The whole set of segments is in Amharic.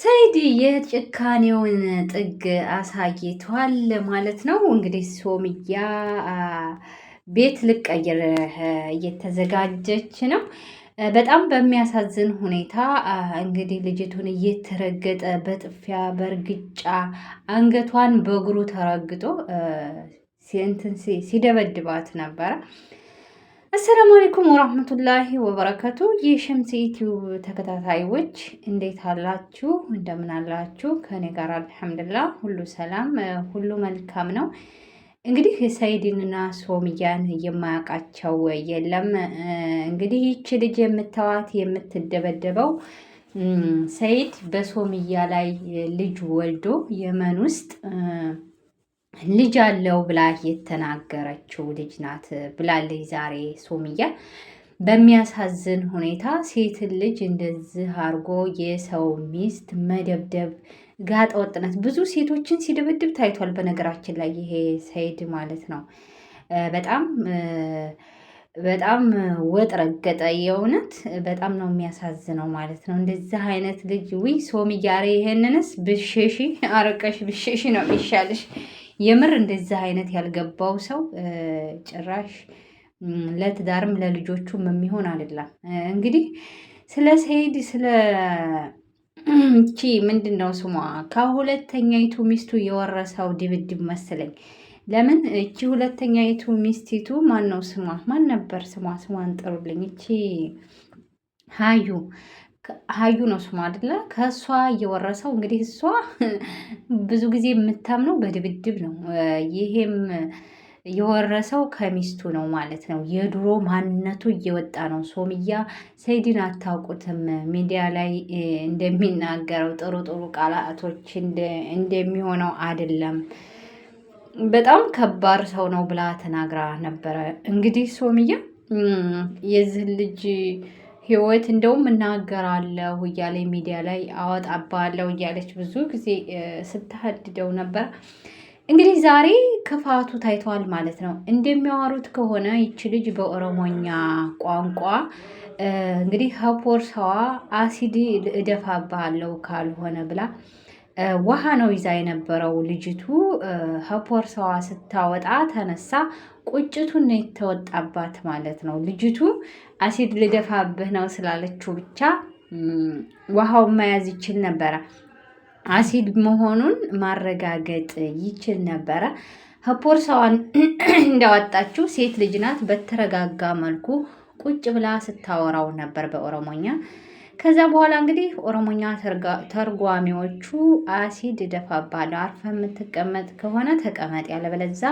ሰይድ የጭካኔውን ጥግ አሳይቷል ማለት ነው። እንግዲህ ሶምያ ቤት ልቀይር እየተዘጋጀች ነው። በጣም በሚያሳዝን ሁኔታ እንግዲህ ልጅቱን እየተረገጠ በጥፊያ በእርግጫ አንገቷን በእግሩ ተረግጦ ሲደበድባት ነበረ። አሰላሙ አለይኩም ወራህመቱላሂ ወበረከቱ። የሸምስ ዩቲዩብ ተከታታዮች እንዴት አላችሁ? እንደምን አላችሁ? ከእኔ ጋር አልሐምዱሊላህ ሁሉ ሰላም፣ ሁሉ መልካም ነው። እንግዲህ ሰይድንና ሶምያን የማያውቃቸው የለም። እንግዲህ ይቺ ልጅ የምታዋት የምትደበደበው ሰይድ በሶምያ ላይ ልጅ ወልዶ የመን ውስጥ ልጅ አለው ብላ የተናገረችው ልጅ ናት ብላለች ዛሬ ሱምያ። በሚያሳዝን ሁኔታ ሴትን ልጅ እንደዚህ አድርጎ የሰው ሚስት መደብደብ ጋጠ ብዙ ሴቶችን ሲደበድብ ታይቷል። በነገራችን ላይ ይሄ ሰይድ ማለት ነው በጣም በጣም ወጥ ረገጠ። የእውነት በጣም ነው የሚያሳዝነው ማለት ነው። እንደዚህ አይነት ልጅ ውይ ሶምያ፣ ኧረ ይሄንንስ ብሸሺ አረቀሽ ብሸሺ ነው የሚሻልሽ። የምር እንደዚህ አይነት ያልገባው ሰው ጭራሽ ለትዳርም ለልጆቹም የሚሆን አይደለም። እንግዲህ ስለ ሰይድ ስለ ቺ ምንድን ነው ስሟ ከሁለተኛይቱ ሚስቱ የወረሰው ድብድብ መሰለኝ። ለምን እቺ ሁለተኛይቱ ሚስቲቱ ማን ነው ስሟ? ማን ነበር ስሟ? ስሟን ጥሩልኝ። እቺ ሀዩ ሀዩ ነው ስሙ አይደለ? ከእሷ እየወረሰው እንግዲህ እሷ ብዙ ጊዜ የምታምነው በድብድብ ነው። ይሄም የወረሰው ከሚስቱ ነው ማለት ነው። የድሮ ማንነቱ እየወጣ ነው። ሶምያ ሰይድን አታውቁትም። ሚዲያ ላይ እንደሚናገረው ጥሩ ጥሩ ቃላቶች እንደሚሆነው አይደለም። በጣም ከባድ ሰው ነው ብላ ተናግራ ነበረ። እንግዲህ ሶምያ የዚህ ልጅ ህይወት እንደውም እናገራለሁ እያለ ሚዲያ ላይ አወጣባለሁ እያለች ብዙ ጊዜ ስታሀድደው ነበር። እንግዲህ ዛሬ ክፋቱ ታይተዋል ማለት ነው። እንደሚያወሩት ከሆነ ይቺ ልጅ በኦሮሞኛ ቋንቋ እንግዲህ ከፖርሳዋ አሲድ እደፋባለሁ ካልሆነ ብላ ውሃ ነው ይዛ የነበረው ልጅቱ ከፖርሳዋ ስታወጣ ተነሳ ቁጭቱን ነው የተወጣባት ማለት ነው። ልጅቱ አሲድ ልደፋብህ ነው ስላለችው ብቻ ውሃው መያዝ ይችል ነበረ። አሲድ መሆኑን ማረጋገጥ ይችል ነበረ። ቦርሳዋን እንዳወጣችው ሴት ልጅ ናት። በተረጋጋ መልኩ ቁጭ ብላ ስታወራው ነበር በኦሮሞኛ። ከዛ በኋላ እንግዲህ ኦሮሞኛ ተርጓሚዎቹ አሲድ ደፋባለ፣ አርፈ የምትቀመጥ ከሆነ ተቀመጥ፣ ያለበለዛ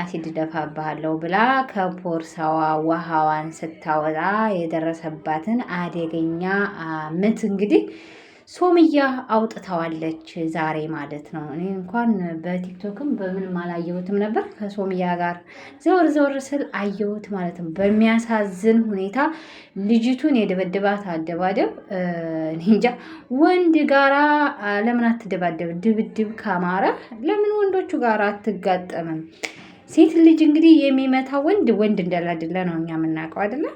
አሲድ ደፋባሃለሁ ብላ ከፖርሳዋ ውሃዋን ስታወጣ የደረሰባትን አደገኛ ምት እንግዲህ ሶምያ አውጥተዋለች ዛሬ ማለት ነው። እኔ እንኳን በቲክቶክም በምንም አላየሁትም ነበር። ከሶምያ ጋር ዘወር ዘወር ስል አየሁት ማለት ነው። በሚያሳዝን ሁኔታ ልጅቱን የደበደባት አደባደብ እንጃ። ወንድ ጋራ ለምን አትደባደብ? ድብድብ ካማረ ለምን ወንዶቹ ጋር አትጋጠምም? ሴት ልጅ እንግዲህ የሚመታ ወንድ ወንድ እንደላድለ ነው እኛ የምናውቀው አይደለ?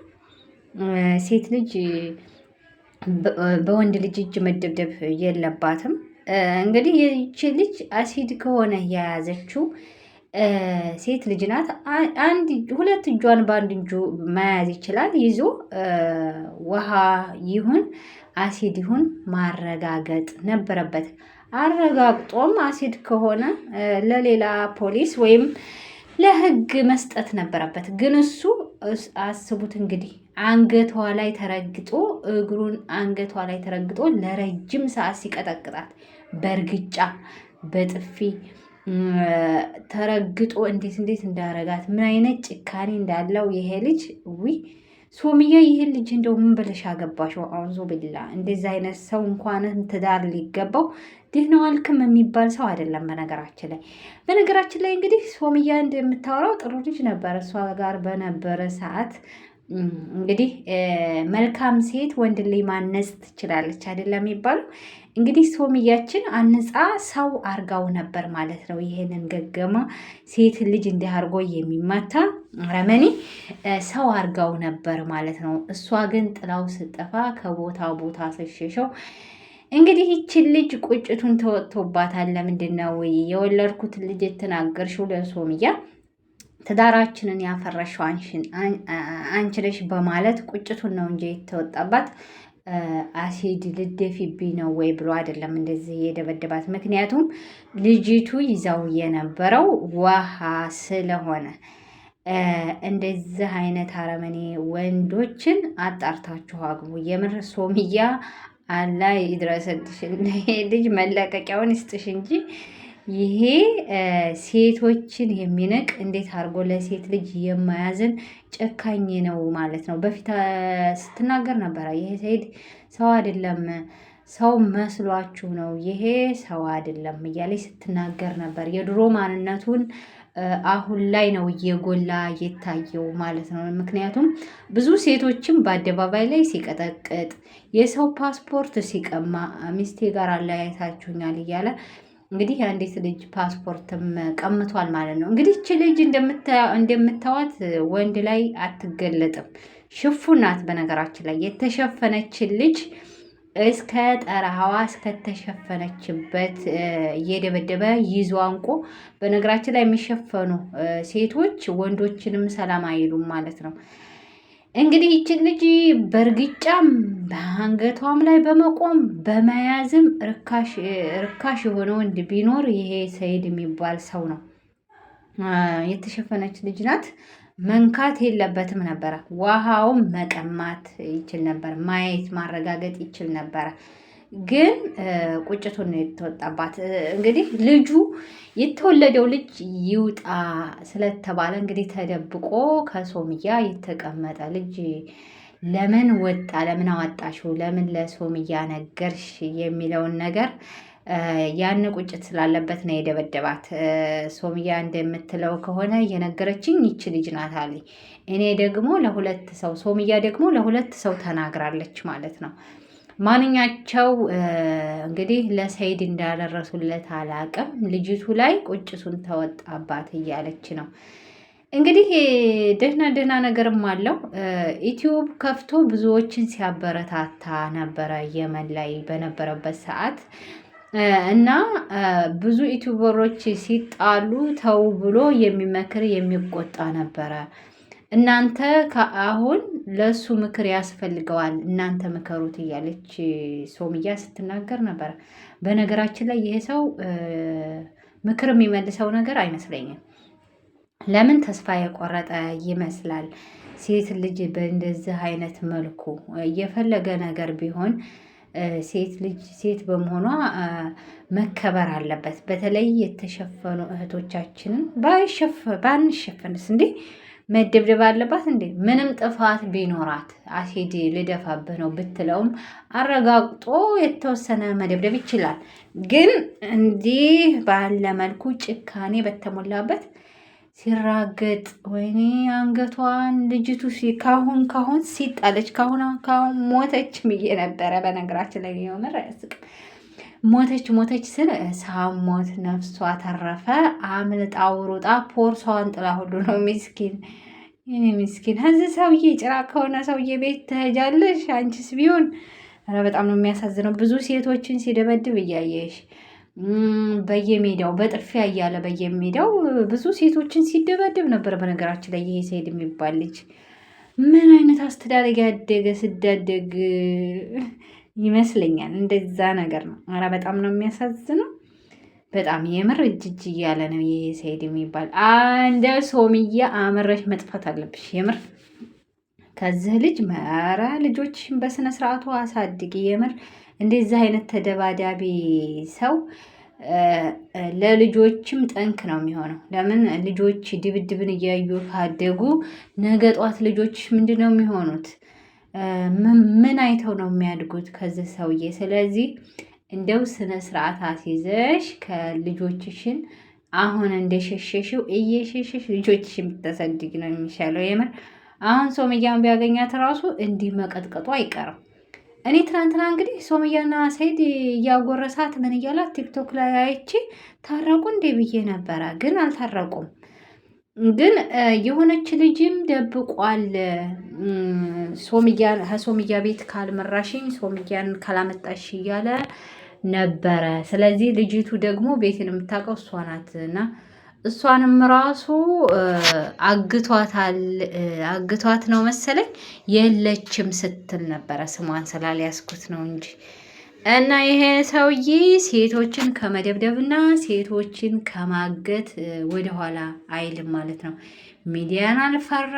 ሴት ልጅ በወንድ ልጅ እጅ መደብደብ የለባትም። እንግዲህ ይቺ ልጅ አሲድ ከሆነ የያዘችው ሴት ልጅ ናት። አንድ ሁለት እጇን በአንድ እጁ መያዝ ይችላል። ይዞ ውሃ ይሁን አሲድ ይሁን ማረጋገጥ ነበረበት። አረጋግጦም አሲድ ከሆነ ለሌላ ፖሊስ ወይም ለህግ መስጠት ነበረበት። ግን እሱ አስቡት እንግዲህ አንገቷ ላይ ተረግጦ እግሩን አንገቷ ላይ ተረግጦ ለረጅም ሰዓት ሲቀጠቅጣት በእርግጫ በጥፊ ተረግጦ እንዴት እንዴት እንዳረጋት ምን አይነት ጭካኔ እንዳለው ይሄ ልጅ ዊ ሶምያ ይህን ልጅ እንደው ምን ብለሽ አገባሽው? አውዞ ብላ እንደዚ አይነት ሰው እንኳን ትዳር ሊገባው ነው አልክም የሚባል ሰው አይደለም። በነገራችን ላይ በነገራችን ላይ እንግዲህ ሶምያ እንደምታወራው ጥሩ ልጅ ነበረ እሷ ጋር በነበረ ሰዓት እንግዲህ መልካም ሴት ወንድ ላይ ማነጽ ትችላለች አይደለም የሚባለው። እንግዲህ ሶምያችን አንጻ ሰው አርጋው ነበር ማለት ነው። ይህንን ገገማ ሴት ልጅ እንዲህ አርጎ የሚመታ ረመኒ ሰው አርጋው ነበር ማለት ነው። እሷ ግን ጥላው ስጠፋ ከቦታ ቦታ ስሸሸው እንግዲህ ይችን ልጅ ቁጭቱን ተወጥቶባታል። ለምንድን ነው የወለድኩት ልጅ የተናገርሽው ለሶምያ ትዳራችንን ያፈረሽው አንቺ ነሽ በማለት ቁጭቱን ነው እንጂ የተወጣባት አሲድ ልደፊብኝ ነው ወይ ብሎ አይደለም እንደዚህ የደበደባት። ምክንያቱም ልጅቱ ይዛው የነበረው ውሃ ስለሆነ እንደዚህ አይነት አረመኔ ወንዶችን አጣርታችሁ አግቡ። የምር ሶምያ አላ ይድረሰልሽ፣ ልጅ መለቀቂያውን ይስጥሽ እንጂ ይሄ ሴቶችን የሚንቅ እንዴት አድርጎ ለሴት ልጅ የማያዝን ጨካኝ ነው ማለት ነው። በፊት ስትናገር ነበረ። ይሄ ሰይድ ሰው አይደለም፣ ሰው መስሏችሁ ነው፣ ይሄ ሰው አይደለም እያለች ስትናገር ነበር የድሮ ማንነቱን አሁን ላይ ነው እየጎላ የታየው ማለት ነው። ምክንያቱም ብዙ ሴቶችም በአደባባይ ላይ ሲቀጠቅጥ፣ የሰው ፓስፖርት ሲቀማ፣ ሚስቴ ጋር አለያየታችሁኛል እያለ እንግዲህ የአንዲት ልጅ ፓስፖርትም ቀምቷል ማለት ነው። እንግዲህ እች ልጅ እንደምታዋት ወንድ ላይ አትገለጥም፣ ሽፉናት በነገራችን ላይ የተሸፈነችን ልጅ እስከ ጠረሃዋ እስከተሸፈነችበት እየደበደበ ይዞ አንቆ። በነገራችን ላይ የሚሸፈኑ ሴቶች ወንዶችንም ሰላም አይሉም ማለት ነው። እንግዲህ ይችን ልጅ በእርግጫም በአንገቷም ላይ በመቆም በመያዝም ርካሽ የሆነ ወንድ ቢኖር ይሄ ሰይድ የሚባል ሰው ነው። የተሸፈነች ልጅ ናት። መንካት የለበትም ነበረ። ውሃውም መቀማት ይችል ነበር፣ ማየት ማረጋገጥ ይችል ነበረ። ግን ቁጭቱን የተወጣባት። እንግዲህ ልጁ የተወለደው ልጅ ይውጣ ስለተባለ እንግዲህ ተደብቆ ከሶምያ የተቀመጠ ልጅ ለምን ወጣ፣ ለምን አወጣሽው፣ ለምን ለሶምያ ነገርሽ የሚለውን ነገር ያን ቁጭት ስላለበት ነው የደበደባት። ሶምያ እንደምትለው ከሆነ የነገረችኝ ይች ልጅ ናት እኔ ደግሞ ለሁለት ሰው ሶምያ ደግሞ ለሁለት ሰው ተናግራለች ማለት ነው። ማንኛቸው እንግዲህ ለሰይድ እንዳደረሱለት አላቅም። ልጅቱ ላይ ቁጭቱን ተወጣባት እያለች ነው እንግዲህ ደህና ደህና ነገርም አለው። ዩቲዩብ ከፍቶ ብዙዎችን ሲያበረታታ ነበረ የመን ላይ በነበረበት ሰዓት እና ብዙ ዩቱበሮች ሲጣሉ ተው ብሎ የሚመክር የሚቆጣ ነበረ። እናንተ ከአሁን ለእሱ ምክር ያስፈልገዋል፣ እናንተ ምከሩት እያለች ሶምያ ስትናገር ነበረ። በነገራችን ላይ ይሄ ሰው ምክር የሚመልሰው ነገር አይመስለኝም። ለምን ተስፋ የቆረጠ ይመስላል። ሴት ልጅ በእንደዚህ አይነት መልኩ የፈለገ ነገር ቢሆን ሴት ልጅ ሴት በመሆኗ መከበር አለበት። በተለይ የተሸፈኑ እህቶቻችንን ባንሸፈንስ እንዴ መደብደብ አለባት እንዴ? ምንም ጥፋት ቢኖራት አሲድ ልደፋብህ ነው ብትለውም አረጋግጦ የተወሰነ መደብደብ ይችላል። ግን እንዲህ ባለ መልኩ ጭካኔ በተሞላበት ሲራገጥ ወይኔ አንገቷን ልጅቱ ካሁን ካሁን ሲጣለች ካሁን ካሁን ሞተች ብዬ ነበረ። በነገራችን ላይ የምር አያስቅም። ሞተች ሞተች ስል ሳሞት ነፍሷ ተረፈ። አምልጣ ውሩጣ ፖርሷን ጥላ ሁሉ ነው ሚስኪን ይኔ ሚስኪን ህዝ ሰውዬ ጭራ ከሆነ ሰውዬ ቤት ትሄጃለሽ አንቺስ ቢሆን ኧረ በጣም ነው የሚያሳዝነው። ብዙ ሴቶችን ሲደበድብ እያየሽ በየሜዳው በጥርፊያ እያለ በየሜዳው ብዙ ሴቶችን ሲደበድብ ነበር። በነገራችን ላይ ይሄ ሰይድ የሚባል ልጅ ምን አይነት አስተዳደግ ያደገ ስዳደግ ይመስለኛል። እንደዛ ነገር ነው። ኧረ በጣም ነው የሚያሳዝነው። በጣም የምር እጅጅ እያለ ነው ይሄ ሰይድ የሚባል እንደ ሶምያ አምረሽ መጥፋት አለብሽ የምር ከዚህ ልጅ መራ ልጆችሽን በስነ ስርዓቱ የምር እንደዚህ አይነት ተደባዳቢ ሰው ለልጆችም ጠንክ ነው የሚሆነው። ለምን ልጆች ድብድብን እያዩ ካደጉ ነገ ጠዋት ልጆች ምንድን ነው የሚሆኑት? ምን አይተው ነው የሚያድጉት ከዚህ ሰውዬ? ስለዚህ እንደው ስነ ስርዓት አስይዘሽ ከልጆችሽን አሁን እንደሸሸሽው እየሸሸሽ ልጆችሽን ብታሳድጊ ነው የሚሻለው። የምር አሁን ሰው ሚያም ቢያገኛት ራሱ እንዲህ መቀጥቀጡ አይቀርም። እኔ ትናንትና እንግዲህ ሶምያና ሰይድ እያጎረሳት ምን እያላት ቲክቶክ ላይ አይቼ ታረቁ እንዴ ብዬ ነበረ፣ ግን አልታረቁም። ግን የሆነች ልጅም ደብቋል። ከሶምያ ቤት ካልመራሽኝ፣ ሶምያን ካላመጣሽ እያለ ነበረ። ስለዚህ ልጅቱ ደግሞ ቤትን የምታውቀው እሷ ናት እና እሷንም ራሱ አግቷታል። አግቷት ነው መሰለኝ የለችም ስትል ነበረ። ስሟን ስላልያዝኩት ነው እንጂ እና ይሄ ሰውዬ ሴቶችን ከመደብደብና ሴቶችን ከማገት ወደኋላ አይልም ማለት ነው። ሚዲያን አልፈራ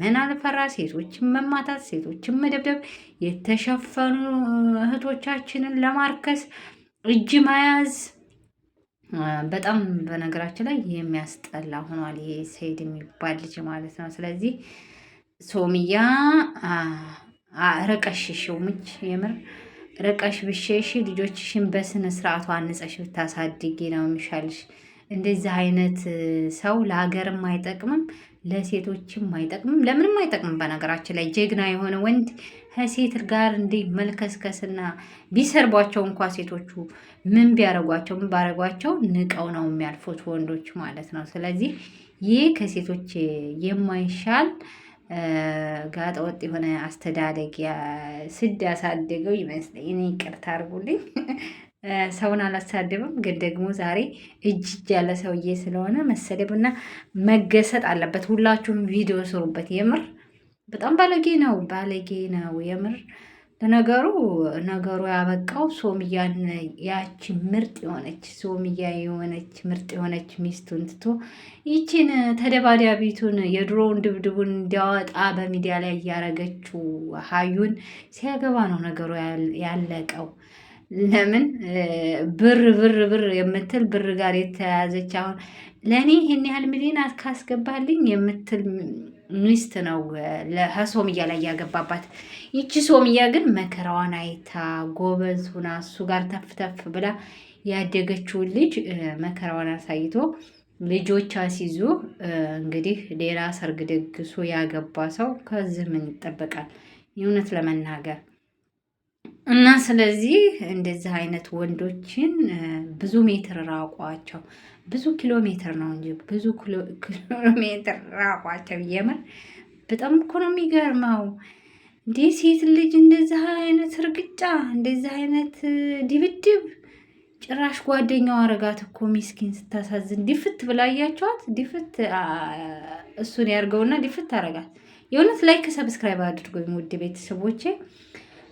ምን አልፈራ፣ ሴቶችን መማታት፣ ሴቶችን መደብደብ፣ የተሸፈኑ እህቶቻችንን ለማርከስ እጅ መያዝ በጣም በነገራችን ላይ የሚያስጠላ ሆኗል። ይሄ ሰይድ የሚባል ልጅ ማለት ነው። ስለዚህ ሶምያ ረቀሽ ሽሙች የምር ረቀሽ ብሸሽ ልጆችሽን በስነ ስርዓቱ አንጸሽ ብታሳድጊ ነው የሚሻልሽ። እንደዚህ አይነት ሰው ለሀገርም አይጠቅምም፣ ለሴቶችም አይጠቅምም፣ ለምንም አይጠቅምም። በነገራችን ላይ ጀግና የሆነ ወንድ ከሴት ጋር እንዴ መልከስከስና ቢሰርቧቸው እንኳ ሴቶቹ ምን ቢያረጓቸው ምን ባረጓቸው ንቀው ነው የሚያልፉት ወንዶች ማለት ነው። ስለዚህ ይህ ከሴቶች የማይሻል ጋጠ ወጥ የሆነ አስተዳደግ ስድ ያሳደገው ይመስለኝ። እኔ ይቅርታ አድርጉልኝ፣ ሰውን አላሳድብም፣ ግን ደግሞ ዛሬ እጅ እጅ ያለ ሰውዬ ስለሆነ መሰደብና መገሰጥ አለበት። ሁላችሁም ቪዲዮ ስሩበት የምር በጣም ባለጌ ነው ባለጌ ነው የምር። ለነገሩ ነገሩ ያበቃው ሶምያን ያቺ ምርጥ የሆነች ሶምያ የሆነች ምርጥ የሆነች ሚስቱን ትቶ ይቺን ተደባዳ ቤቱን የድሮውን ድብድቡን እንዲያወጣ በሚዲያ ላይ እያረገችው ሀዩን ሲያገባ ነው ነገሩ ያለቀው። ለምን ብር ብር ብር የምትል ብር ጋር የተያያዘች አሁን ለእኔ ይህን ያህል ሚሊዮን ካስገባልኝ የምትል ሚስት ነው ለሶምያ ላይ ያገባባት። ይቺ ሶምያ ግን መከራዋን አይታ ጎበዝ ሁና እሱ ጋር ተፍተፍ ብላ ያደገችውን ልጅ መከራዋን አሳይቶ ልጆች አስይዞ እንግዲህ ሌላ ሰርግ ደግሶ ያገባ ሰው ከዚህ ምን ይጠበቃል? እውነት ለመናገር እና ስለዚህ እንደዚህ አይነት ወንዶችን ብዙ ሜትር ራቋቸው። ብዙ ኪሎ ሜትር ነው እንጂ ብዙ ኪሎ ሜትር ራቋቸው። የምር በጣም እኮ ነው የሚገርመው። እንዲህ ሴት ልጅ እንደዚህ አይነት እርግጫ፣ እንደዚህ አይነት ድብድብ ጭራሽ ጓደኛው አረጋት እኮ ሚስኪን ስታሳዝን። ድፍት ብላያቸዋት እያቸዋት ድፍት እሱን ያርገውና ድፍት አረጋት። የእውነት ላይክ ሰብስክራይብ አድርጎ ውድ ቤተሰቦቼ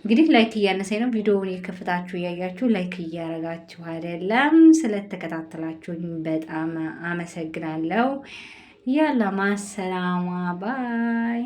እንግዲህ ላይክ እያነሳኝ ነው። ቪዲዮውን የከፍታችሁ እያያችሁ ላይክ እያረጋችሁ አይደለም። ስለተከታተላችሁኝ በጣም አመሰግናለሁ። ያላማ ሰላማ ባይ